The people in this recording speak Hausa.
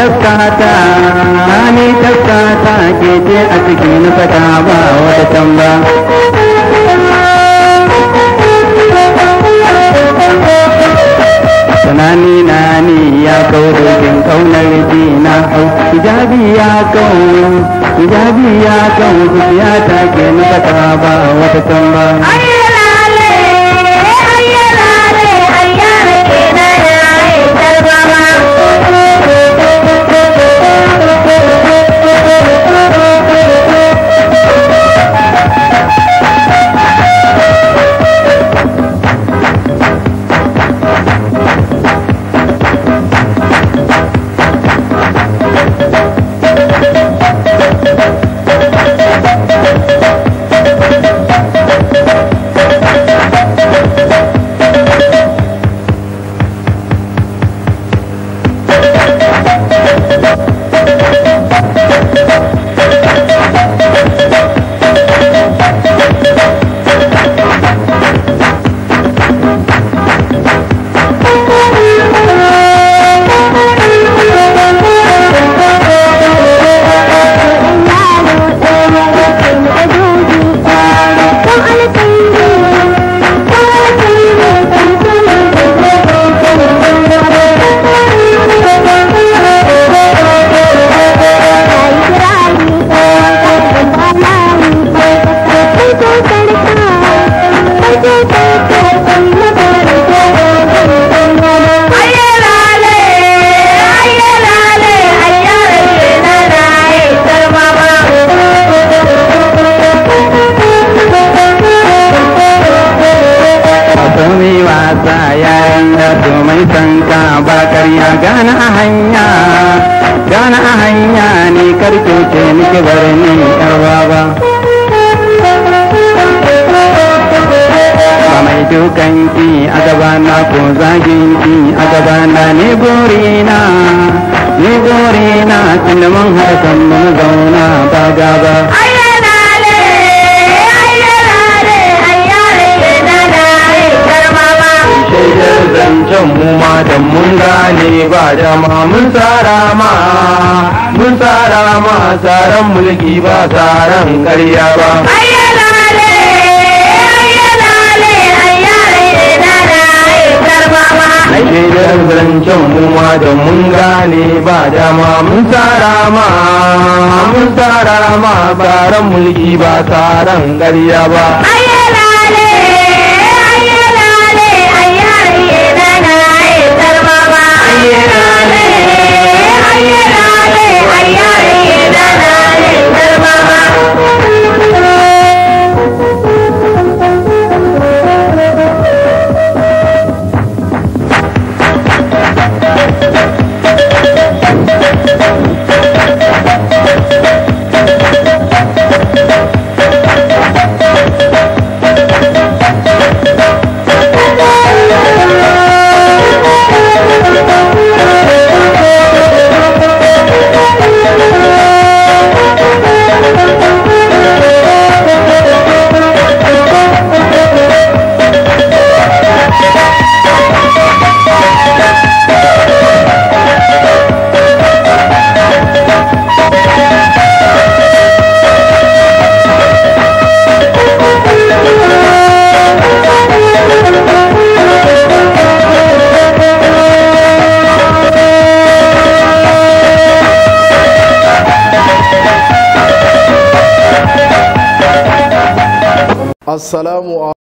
taskata ni taskata ke ce a cikin fata ba wata tamba tunani na ni ya kawo dokin kaunar jina hau hijabi ya kawo hijabi ya kawo zuciya ta ke nufata ba wata tamba sa yayin da mai san ba karya gana a hanya gana a hanya ne karke ce miki bar ni yarwa ba ba mai dukan ki a gabana ko zagin ki a gabana ne gorina ne gorina tunda mun haɗa kan mun zauna ba gaba. zancen mu ma da mun gane ba dama mun tsara ma mun tsara ma tsaran mulki ba tsaran karya ba Zan zancen mu ma da mun gane ba dama mun tsara ma mun tsara ma tsaran mulki ba tsaran karya ba asalaamu